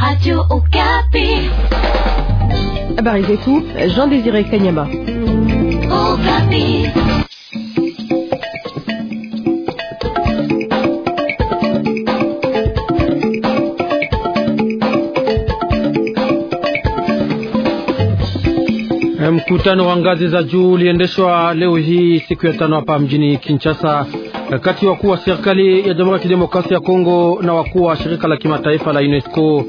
Radio Okapi. Habari tout, Jean Désiré Kanyama. Okapi. Mkutano wa ngazi za juu uliendeshwa leo hii siku ya tano hapa mjini Kinshasa Eh, kati ya wakuu wa serikali ya Jamhuri ya Kidemokrasia ya Kongo na wakuu wa shirika la kimataifa la UNESCO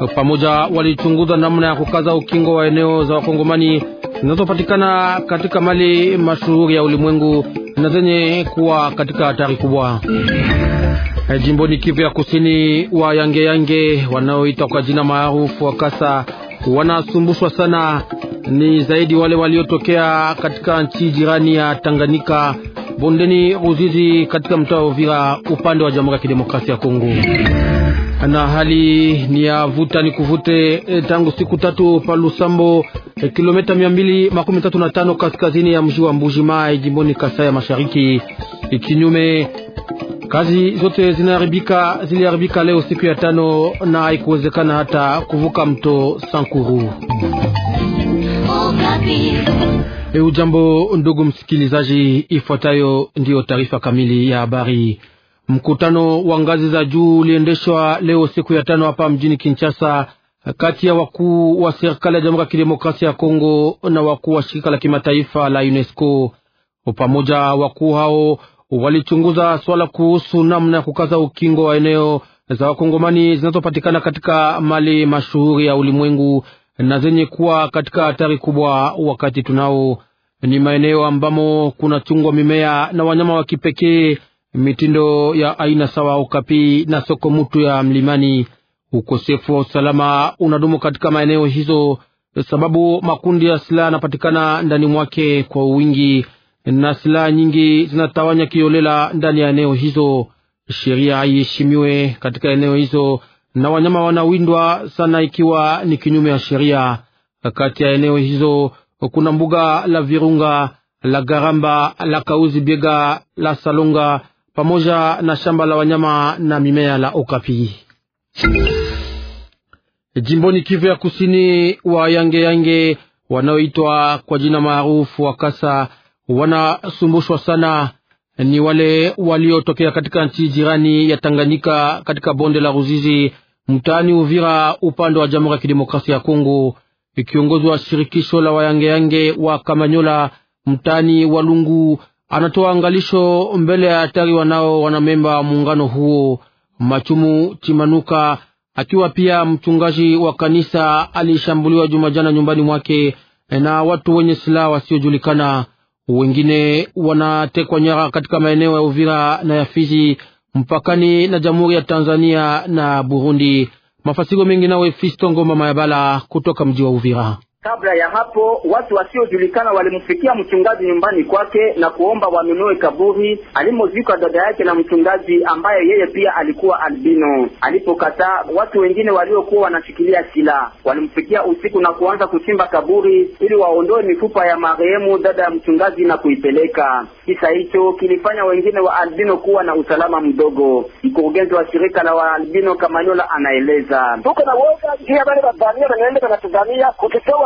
eh, pamoja walichunguza namna ya kukaza ukingo wa eneo za wakongomani zinazopatikana katika mali mashuhuri ya ulimwengu na zenye kuwa katika hatari kubwa. Eh, jimboni Kivu ya Kusini, wa yange yange wanaoita kwa jina maarufu wa kasa wanasumbushwa sana, ni zaidi wale waliotokea katika nchi jirani ya Tanganyika bondeni Ruzizi katika mtaa wa Uvira upande wa Jamhuri ya Kidemokrasia ya Kongo. Na hali ni ya vuta ni kuvute e, tangu siku tatu pa Lusambo e, kilomita 235 kaskazini ya mji wa Mbuji Mai e, jimboni Kasai ya Mashariki. E, kazi zote zinaharibika ziliharibika leo siku ya tano, na haikuwezekana hata kuvuka mto Sankuru. E ujambo ndugu msikilizaji, ifuatayo ndiyo taarifa kamili ya habari. Mkutano wa ngazi za juu uliendeshwa leo siku ya tano hapa mjini Kinshasa kati ya wakuu wa serikali ya Jamhuri ya Kidemokrasia ya Kongo na wakuu wa shirika la kimataifa la UNESCO. Pamoja wakuu hao walichunguza swala kuhusu namna ya kukaza ukingo wa eneo za wakongomani zinazopatikana katika mali mashuhuri ya ulimwengu na zenye kuwa katika hatari kubwa, wakati tunao ni maeneo ambamo kuna chungwa mimea na wanyama wa kipekee, mitindo ya aina sawa, ukapi na soko mutu ya mlimani. Ukosefu wa usalama unadumu katika maeneo hizo, sababu makundi ya silaha yanapatikana ndani mwake kwa wingi, na silaha nyingi zinatawanya kiolela ndani ya eneo hizo. Sheria haiheshimiwe katika eneo hizo na wanyama wanawindwa sana, ikiwa ni kinyume ya sheria. Kati ya eneo hizo kuna mbuga la Virunga, la Garamba, la Kauzi Biega, la Salonga pamoja na shamba la wanyama na mimea la Okapi. Jimboni Kivu ya Kusini, wa yange yange wanaoitwa kwa jina maarufu Wakasa wanasumbushwa sana ni wale waliotokea katika nchi jirani ya Tanganyika katika bonde la Ruzizi mtaani Uvira upande wa Jamhuri ya Kidemokrasia ya Kongo. Kiongozi wa shirikisho la wayangeyange wa Kamanyola mtaani wa Lungu anatoa angalisho mbele ya hatari wanao wanamemba muungano huo. Machumu Chimanuka akiwa pia mchungaji wa kanisa alishambuliwa jumajana nyumbani mwake na watu wenye silaha wasiojulikana wengine wanatekwa nyara katika maeneo ya Uvira na ya Fizi mpakani na Jamhuri ya Tanzania na Burundi. Mafasiko mengi nawe Fisto Ngoma Mayabala kutoka mji wa Uvira. Kabla ya hapo watu wasiojulikana walimfikia mchungaji nyumbani kwake na kuomba wanunue kaburi alimozikwa dada yake na mchungaji ambaye yeye pia alikuwa albino. Alipokataa, watu wengine waliokuwa wanashikilia silaha walimfikia usiku na kuanza kuchimba kaburi ili waondoe mifupa ya marehemu dada ya mchungaji na kuipeleka. Kisa hicho kilifanya wengine wa albino kuwa na usalama mdogo. Mkurugenzi wa shirika la waalbino Kamanyola anaeleza: tuko na woga,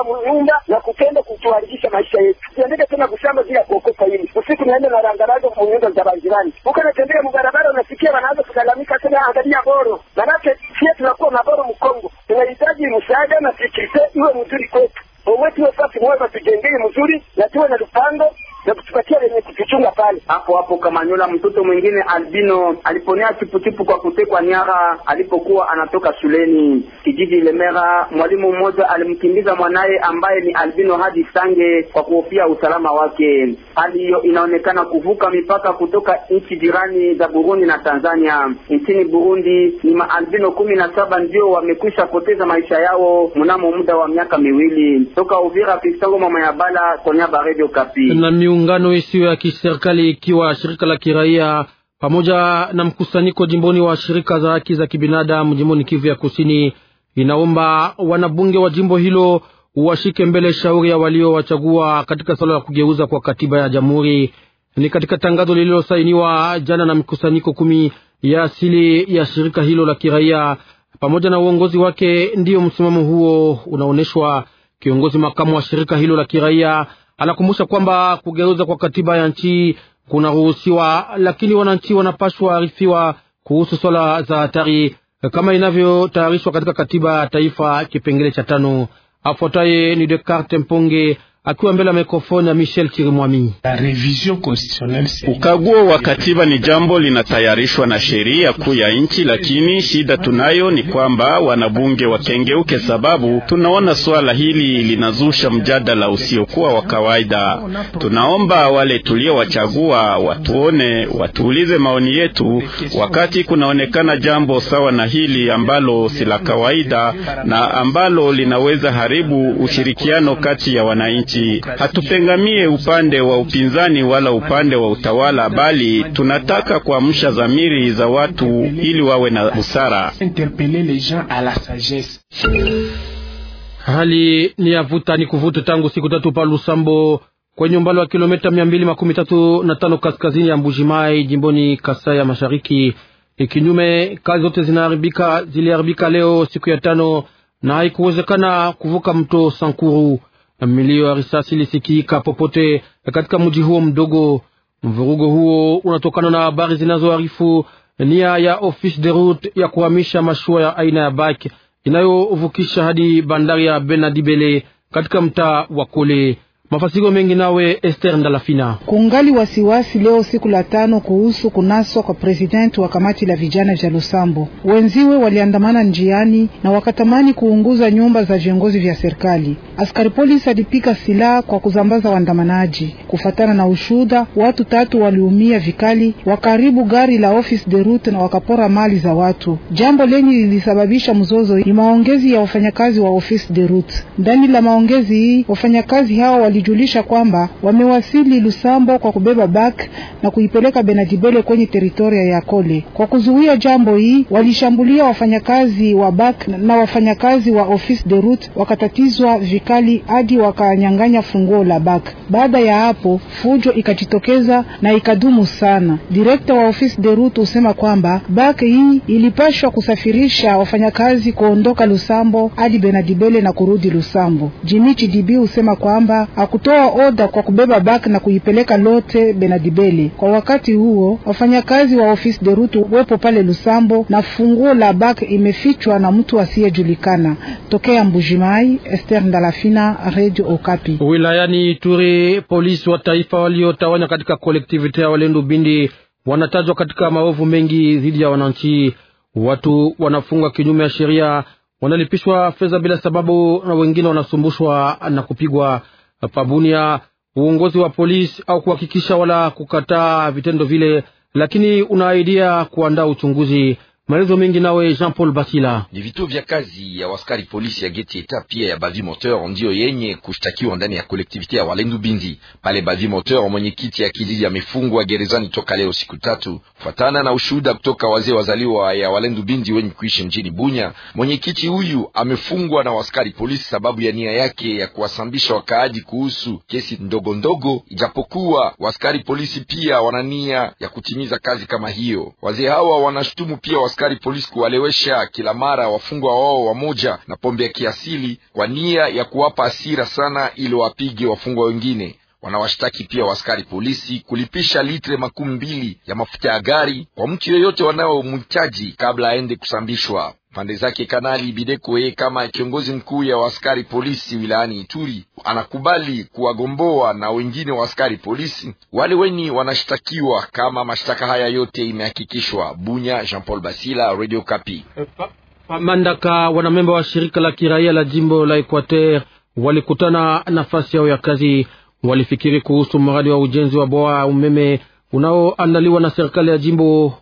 munyumba na kutenda kutuharibisha maisha yetu. Tusiendeke tena kushamba bila kuokoka hili. Usiku naenda na rangarango kwa nyumba za bajirani. huko natembea mbarabara, unasikia wanaanza kulalamika tena, angalia boro. Manake sisi tunakuwa na boro Mkongo, tunahitaji msaada na sikirite iwe mzuri kwetu. Omwe tuwe fasi mwema, tujengee mzuri na tuwe na lupango na kutupatia lenye mbalimbali. Hapo hapo Kamanyola, mtoto mwingine albino aliponea chipuchipu kwa kutekwa nyara alipokuwa anatoka shuleni. Kijiji Lemera, mwalimu mmoja alimkimbiza mwanaye ambaye ni albino hadi Sange kwa kuhofia usalama wake. Hali hiyo inaonekana kuvuka mipaka kutoka nchi jirani za Burundi na Tanzania. Nchini Burundi ni maalbino kumi na saba ndio wamekwisha poteza maisha yao mnamo muda wa miaka miwili. Toka Uvira, Fistongo Mama ya Bala, Konyaba, Radio Kapi na miungano isiyo ya kiserikali serikali ikiwa shirika la kiraia pamoja na mkusanyiko jimboni wa shirika za haki za kibinadamu jimboni Kivu ya Kusini inaomba wanabunge wa jimbo hilo washike mbele shauri ya waliowachagua katika suala la kugeuza kwa katiba ya jamhuri. Ni katika tangazo lililosainiwa jana na mikusanyiko kumi ya asili ya shirika hilo la kiraia pamoja na uongozi wake. Ndiyo msimamo huo unaonyeshwa. Kiongozi makamu wa shirika hilo la kiraia Anakumbusha kwamba kugeuza kwa katiba ya nchi kunaruhusiwa, lakini wananchi wanapashwa arifiwa kuhusu swala za hatari kama inavyotayarishwa katika katiba ya taifa kipengele cha tano. Afuataye ni Descartes Mponge akiwa mbele ya mikrofoni ya Michel Kirimwami. Ukaguo wa katiba ni jambo linatayarishwa na sheria kuu ya nchi, lakini shida tunayo ni kwamba wanabunge wakengeuke, sababu tunaona suala hili linazusha mjadala usiokuwa wa kawaida. Tunaomba wale tuliowachagua watuone, watuulize maoni yetu wakati kunaonekana jambo sawa na hili ambalo si la kawaida na ambalo linaweza haribu ushirikiano kati ya wananchi nchi. Hatupengamie upande wa upinzani wala upande wa utawala, bali tunataka kuamsha dhamiri za watu ili wawe na busara. Hali ni avuta ni kuvuta tangu siku tatu pa Lusambo kwenye umbali wa kilomita mia mbili makumi tatu na tano kaskazini ya Mbujimai jimboni Kasai ya Mashariki. Kinyume, kazi zote ziliharibika leo siku ya tano na haikuwezekana kuvuka mto Sankuru milio ya risasi ilisikika popote katika mji huo mdogo. Mvurugo huo unatokana na habari zinazoarifu nia ya Office de Route ya kuhamisha mashua ya aina ya bak inayovukisha hadi bandari ya Benadibele katika mtaa wa Kole. Mafasiko mengi nawe Esther Ndalafina. Kungali wasiwasi leo siku la tano kuhusu kunaswa kwa presidenti wa kamati la vijana vya Lusambo. Wenziwe waliandamana njiani na wakatamani kuunguza nyumba za viongozi vya serikali. Askari polisi alipika silaha kwa kuzambaza waandamanaji. Kufatana na ushuda, watu tatu waliumia vikali, wakaribu gari la office de route na wakapora mali za watu. Jambo lenye lilisababisha mzozo ni maongezi ya wafanyakazi wa office de route. Ndani la maongezi hii wafanyakazi hao wali kutujulisha kwamba wamewasili Lusambo kwa kubeba bak na kuipeleka Benadibele kwenye teritoria ya Kole. Kwa kuzuia jambo hii, walishambulia wafanyakazi wa bak na wafanyakazi wa office de route, wakatatizwa vikali hadi wakanyang'anya funguo la bak. Baada ya hapo, fujo ikajitokeza na ikadumu sana. Direkta wa office de route husema kwamba bak hii ilipashwa kusafirisha wafanyakazi kuondoka Lusambo hadi Benadibele na kurudi Lusambo. Jimichi DB husema kwamba na kutoa oda kwa kubeba baki na kuipeleka lote Benadibeli. Kwa wakati huo wafanyakazi wa ofisi de rutu wepo pale Lusambo na funguo la baki imefichwa na mtu asiyejulikana. Tokea Mbujimai, Esther Ndalafina, Radio Okapi. Wilayani Ituri, polisi wa taifa waliotawanya katika kolektivite ya Walendu Bindi wanatajwa katika maovu mengi dhidi ya wananchi. Watu wanafungwa kinyume ya sheria, wanalipishwa fedha bila sababu, na wengine wanasumbushwa na kupigwa pabunia uongozi wa polisi au kuhakikisha wala kukataa vitendo vile, lakini unaaidia kuandaa uchunguzi Maelezo mengi nawe Jean Paul Basila. Ni vituo vya kazi ya waskari polisi ya geti eta pia ya Bavi Moteur ndiyo yenye kushtakiwa ndani ya kolektivite ya Walendu Bindi. Pale Bavi Moteur, mwenyekiti ya kijiji amefungwa gerezani toka leo siku tatu, kufatana na ushuhuda kutoka wazee wazaliwa ya Walendu Bindi wenye kuishi mjini Bunya. Mwenyekiti huyu amefungwa na waskari polisi sababu ya nia yake ya kuwasambisha wakaaji kuhusu kesi ndogo ndogo, ijapokuwa waskari polisi pia wana nia ya kutimiza kazi kama hiyo. Wazee hawa wanashutumu pia askari polisi kuwalewesha kila mara wafungwa wao wamoja na pombe ya kiasili kwa nia ya kuwapa asira sana, ili wapige wafungwa wengine. Wanawashtaki pia waskari polisi kulipisha litre makumi mbili ya mafuta ya gari kwa mtu yeyote wanaomhitaji kabla aende kusambishwa. Pande zake Kanali Bideko ye kama kiongozi mkuu ya waskari polisi wilayani Ituri anakubali kuwagomboa na wengine waskari polisi wale weni wanashtakiwa kama mashtaka haya yote imehakikishwa. Bunya, Jean Paul Basila, Radio Kapi. Mandaka, wanamemba wa shirika la kiraia la jimbo la Equateur walikutana nafasi yao ya kazi, walifikiri kuhusu mradi wa ujenzi wa bwawa umeme unaoandaliwa na serikali ya jimbo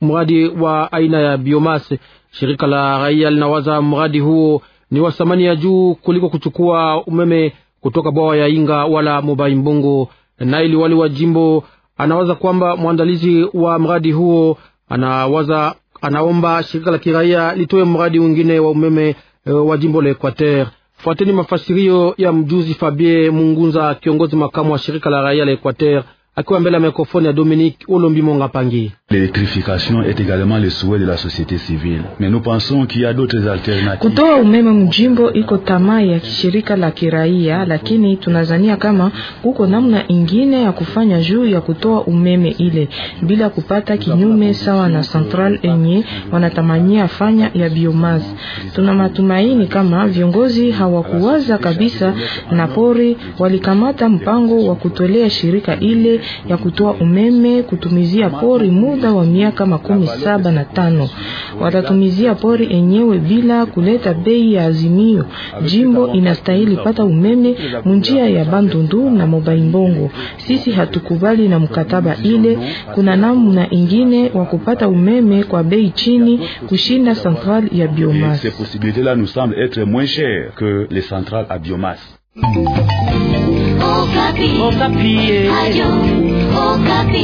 mradi wa aina ya biomas. Shirika la raia linawaza mradi huo ni wa thamani ya juu kuliko kuchukua umeme kutoka bwawa ya Inga wala Mobai Mbungu. Naye liwali wa jimbo anawaza kwamba mwandalizi wa mradi huo anawaza, anaomba shirika la kiraia litoe mradi mwingine wa umeme eh, wa jimbo la Equateur. Fuateni mafasirio ya mjuzi Fabie Mungunza, kiongozi makamu wa shirika la raia la Equateur akiwa mbele ya mikrofoni ya Dominique Olombi Monga Pangi. Kutoa umeme mjimbo iko tamaa ya kishirika la kiraia, lakini tunazania kama kuko namna ingine ya kufanya juu ya kutoa umeme ile bila kupata kinyume sawa na central enye wanatamania fanya ya biomas Tuna matumaini kama viongozi hawakuwaza kabisa na pori walikamata mpango wa kutolea shirika ile ya kutoa umeme kutumizia pori muda wa miaka makumi saba na tano. Watatumizia pori enyewe bila kuleta bei ya azimio. Jimbo inastahili pata umeme munjia ya Bandundu na Mobaimbongo. Sisi hatukubali na mkataba ile. Kuna namna ingine wa kupata umeme kwa bei chini kushinda centrale ya biomasse. Okapi. Okapi.